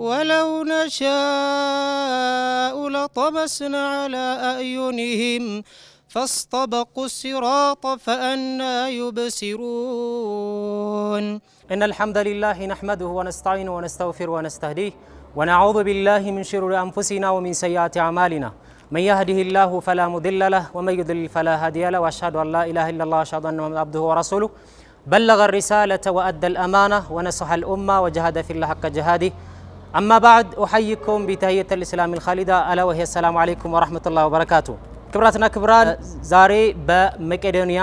ولو نشاء لطمسنا على أعينهم فاستبقوا الصراط فأنا يبصرون إن الحمد لله نحمده ونستعينه ونستغفره ونستهديه ونعوذ بالله من شرور أنفسنا ومن سيئات أعمالنا من يهده الله فلا مضل له ومن يضلل فلا هادي له وأشهد أن لا إله إلا الله وأشهد أن محمدا عبده ورسوله بلغ الرسالة وأدى الأمانة ونصح الأمة وجهد في الله حق جهاده አማ ባዕድ ኡሐይኩም ቢተህየተ ልእስላም ልካሊዳ አላ ወሂ አሰላሙ አለይኩም ወረህመቱላህ ወበረካቱ። ክብራትና ክብራን ዛሬ በመቄዶንያ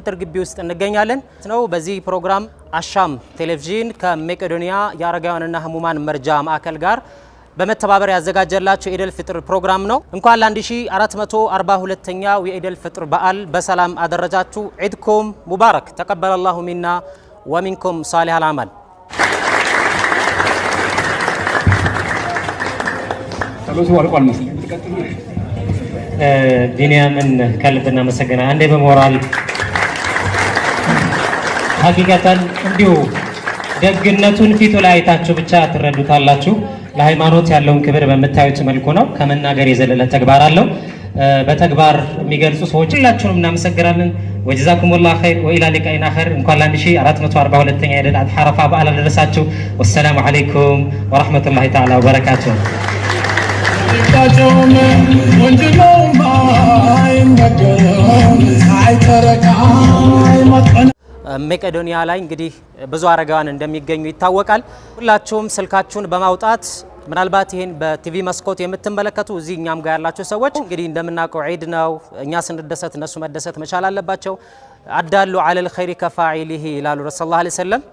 ቅጥር ግቢ ውስጥ እንገኛለን ነው። በዚህ ፕሮግራም አሻም ቴሌቪዥን ከመቄዶንያ የአረጋውያንና ህሙማን መርጃ ማዕከል ጋር በመተባበር ያዘጋጀላቸው የኢደል ፍጥር ፕሮግራም ነው። እንኳን ለ1442ኛው የኢደል ፍጥር በዓል በሰላም አደረጃችሁ። ዒድኩም ሙባረክ ተቀበለ ላሁ ሚና ወሚንኩም ሳሊህ አልአማል ጸሎቱ አልቋል መሰለኝ። ቢንያምን ከልብ እናመሰግና። አንዴ በሞራል ሀቂቀተን እንዲሁ ደግነቱን ፊቱ ላይ አይታችሁ ብቻ ትረዱታላችሁ። ለሃይማኖት ያለውን ክብር በምታዩት መልኩ ነው። ከመናገር የዘለለ ተግባር አለው። በተግባር የሚገልጹ ሰዎች ሁላችሁንም እናመሰግናለን። ወጀዛኩሙላህ ኸይር ወኢላ ሊቃኢን አኸር። እንኳን ለአንድ ሺህ አራት መቶ አል አረፋ በዓል አደረሳችሁ። ወሰላሙ ዓለይኩም ወረሕመቱላሂ ተዓላ ወበረካቱሁ። ጭቃቸውም ወንጀለውም አይነገረውም አይተረካ አይመጠን መቄዶንያ ላይ እንግዲህ ብዙ አረጋውያን እንደሚገኙ ይታወቃል። ሁላችሁም ስልካችሁን በማውጣት ምናልባት ይህን በቲቪ መስኮት የምትመለከቱ እዚህ እኛም ጋር ያላቸው ሰዎች እንግዲህ እንደምናውቀው ዒድ ነው። እኛ ስንደሰት እነሱ መደሰት መቻል አለባቸው። አዳሉ አለል ኸይሪ ከፋዒሊሂ ይላሉ ረሱ ላ ሰለም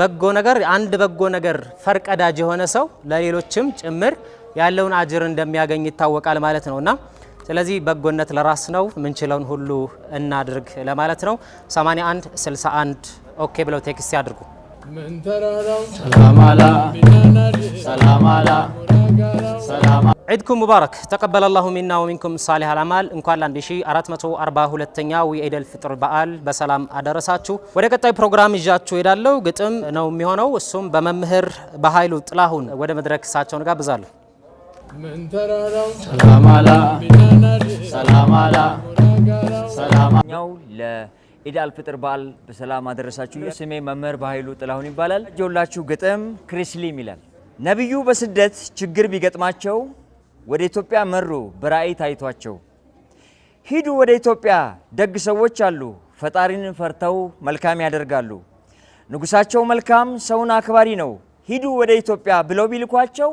በጎ ነገር አንድ በጎ ነገር ፈርቀዳጅ የሆነ ሰው ለሌሎችም ጭምር ያለውን አጅር እንደሚያገኝ ይታወቃል ማለት ነውና ስለዚህ በጎነት ለራስ ነው፣ ምንችለውን ሁሉ እናድርግ ለማለት ነው። 81 61 ኦኬ ብለው ቴክስት ያድርጉ። ዒድኩም ሙባረክ ተቀበለ ላሁ ሚና ወሚንኩም ሳሊህ አልአማል። እንኳን ለ1442ኛው የኢደል ፍጥር በዓል በሰላም አደረሳችሁ። ወደ ቀጣይ ፕሮግራም ይዣችሁ ሄዳለው ግጥም ነው የሚሆነው። እሱም በመምህር በኃይሉ ጥላሁን ወደ መድረክ እሳቸውን ጋብዛለሁ። ሰላማላሰላማላሰላማኛው ለኢድ አልፍጥር በዓል በሰላም አደረሳችሁ። ስሜ መምህር በኃይሉ ጥላሁን ይባላል። ጆላችሁ ግጥም ክሪስሊም ይላል። ነቢዩ በስደት ችግር ቢገጥማቸው ወደ ኢትዮጵያ መሩ በራእይ ታይቷቸው። ሂዱ ወደ ኢትዮጵያ ደግ ሰዎች አሉ፣ ፈጣሪን ፈርተው መልካም ያደርጋሉ። ንጉሳቸው መልካም ሰውን አክባሪ ነው፣ ሂዱ ወደ ኢትዮጵያ ብለው ቢልኳቸው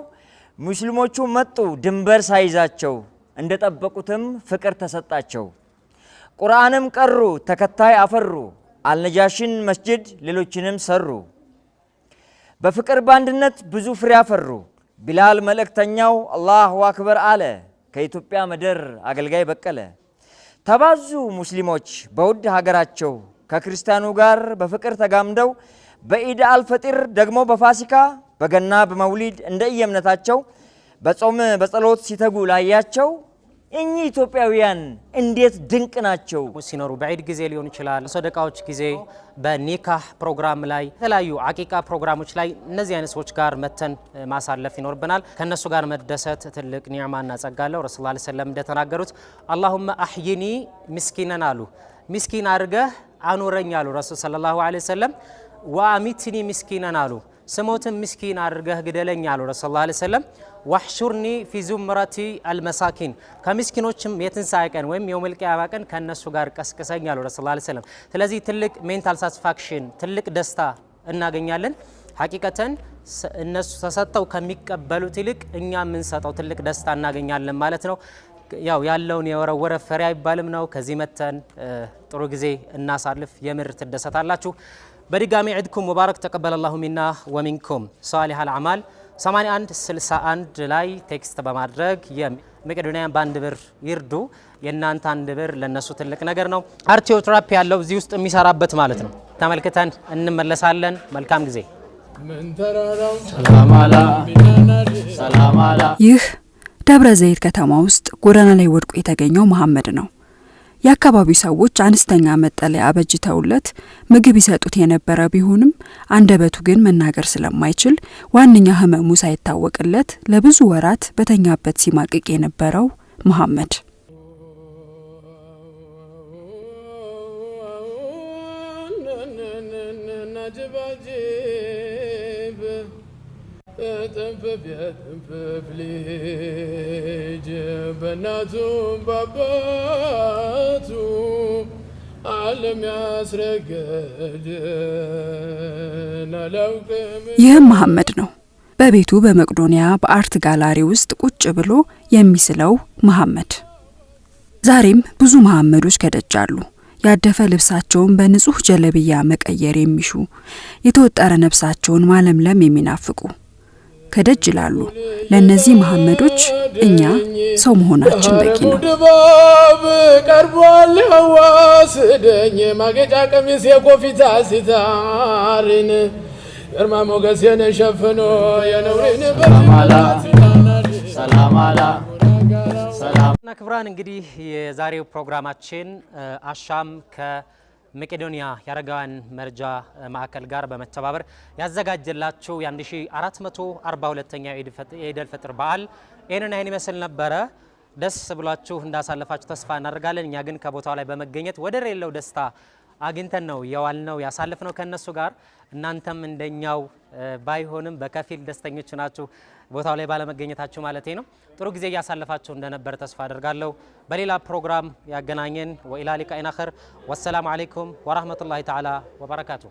ሙስሊሞቹ መጡ ድንበር ሳይዛቸው፣ እንደጠበቁትም ፍቅር ተሰጣቸው። ቁርአንም ቀሩ ተከታይ አፈሩ፣ አልነጃሽን መስጅድ ሌሎችንም ሰሩ። በፍቅር በአንድነት ብዙ ፍሬ አፈሩ። ቢላል መልእክተኛው አላሁ አክበር አለ፣ ከኢትዮጵያ ምድር አገልጋይ በቀለ። ተባዙ ሙስሊሞች በውድ ሀገራቸው ከክርስቲያኑ ጋር በፍቅር ተጋምደው በኢድ አልፈጢር ደግሞ በፋሲካ በገና በመውሊድ እንደየእምነታቸው በጾም በጸሎት ሲተጉ ላያቸው እኚህ ኢትዮጵያውያን እንዴት ድንቅ ናቸው። ሲኖሩ በዒድ ጊዜ ሊሆን ይችላል፣ ሰደቃዎች ጊዜ፣ በኒካህ ፕሮግራም ላይ የተለያዩ አቂቃ ፕሮግራሞች ላይ እነዚህ አይነት ሰዎች ጋር መተን ማሳለፍ ይኖርብናል። ከእነሱ ጋር መደሰት ትልቅ ኒዕማ እናጸጋለሁ። ረሱ ላ ሰለም እንደተናገሩት አላሁመ አሕይኒ ምስኪነን አሉ። ምስኪን አድርገህ አኑረኝ አሉ ረሱል ሰለላሁ ዐለይሂ ወሰለም። ወአሚትኒ ምስኪነን አሉ ስሞትን ምስኪን አድርገህ ግደለኝ አሉ ረሱ ላ ሰለም። ዋሕሹርኒ ፊ ዙምረቲ አልመሳኪን ከምስኪኖችም የትንሣኤ ቀን ወይም የውመልቅያማ ቀን ከእነሱ ጋር ቀስቅሰኝ አሉ ረሱ ላ ሰለም። ስለዚህ ትልቅ ሜንታል ሳትስፋክሽን ትልቅ ደስታ እናገኛለን። ሀቂቀተን እነሱ ተሰጥተው ከሚቀበሉት ይልቅ እኛ የምንሰጠው ትልቅ ደስታ እናገኛለን ማለት ነው። ያው ያለውን የወረወረ ፈሪ አይባልም ነው። ከዚህ መተን ጥሩ ጊዜ እናሳልፍ። የምር ትደሰታላችሁ። በድጋሚ ዒድኩም ሙባረክ ተቀበለላሁ ሚና ወሚንኩም ሰዋሊህ አልአማል 8161 ላይ ቴክስት በማድረግ የመቄዶንያን በአንድ ብር ይርዱ። የእናንተ አንድ ብር ለነሱ ትልቅ ነገር ነው። አርቲዮትራፒ ያለው እዚህ ውስጥ የሚሰራበት ማለት ነው። ተመልክተን እንመለሳለን። መልካም ጊዜ። ይህ ደብረ ዘይት ከተማ ውስጥ ጎዳና ላይ ወድቆ የተገኘው መሐመድ ነው። የአካባቢው ሰዎች አነስተኛ መጠለያ አበጅተውለት ምግብ ይሰጡት የነበረ ቢሆንም አንደበቱ ግን መናገር ስለማይችል ዋነኛ ሕመሙ ሳይታወቅለት ለብዙ ወራት በተኛበት ሲማቅቅ የነበረው መሐመድ ጥንፍፍ የጥንፍፍ ልጅ ባባቱ ዓለም ይህም መሐመድ ነው። በቤቱ በመቅዶንያ በአርት ጋላሪ ውስጥ ቁጭ ብሎ የሚስለው መሐመድ። ዛሬም ብዙ መሐመዶች ከደጅ አሉ። ያደፈ ልብሳቸውን በንጹህ ጀለብያ መቀየር የሚሹ የተወጠረ ነፍሳቸውን ማለምለም የሚናፍቁ ከደጅ ይላሉ። ለእነዚህ መሐመዶች እኛ ሰው መሆናችን በቂ ነው። ድባብ ቀርቧል ሀዋ ማጌጫ ቀሚስ የኮፊታ ሲታሪን ግርማ ሞገሴን ሸፍኖ የነውሪን ሰላም ክብራን እንግዲህ የዛሬው ፕሮግራማችን አሻም ከ መቄዶንያ የአረጋውያን መርጃ ማዕከል ጋር በመተባበር ያዘጋጀላችሁ የ1442ኛው የኢደል ፈጥር በዓል ይህንን አይን ይመስል ነበረ። ደስ ብሏችሁ እንዳሳለፋችሁ ተስፋ እናደርጋለን። እኛ ግን ከቦታው ላይ በመገኘት ወደር የሌለው ደስታ አግኝተን ነው የዋልነው ነው ከነሱ ጋር። እናንተም እንደኛው ባይሆንም በከፊል ደስተኞች ናችሁ ቦታው ላይ ባለመገኘታችሁ ማለት ነው። ጥሩ ጊዜ እያሳለፋችሁ እንደነበር ተስፋ አደርጋለሁ። በሌላ ፕሮግራም ያገናኘን። ወኢላ ሊቃኢን አኸር። ወሰላሙ አሌይኩም ወራህመቱላሂ ተዓላ ወበረካቱ።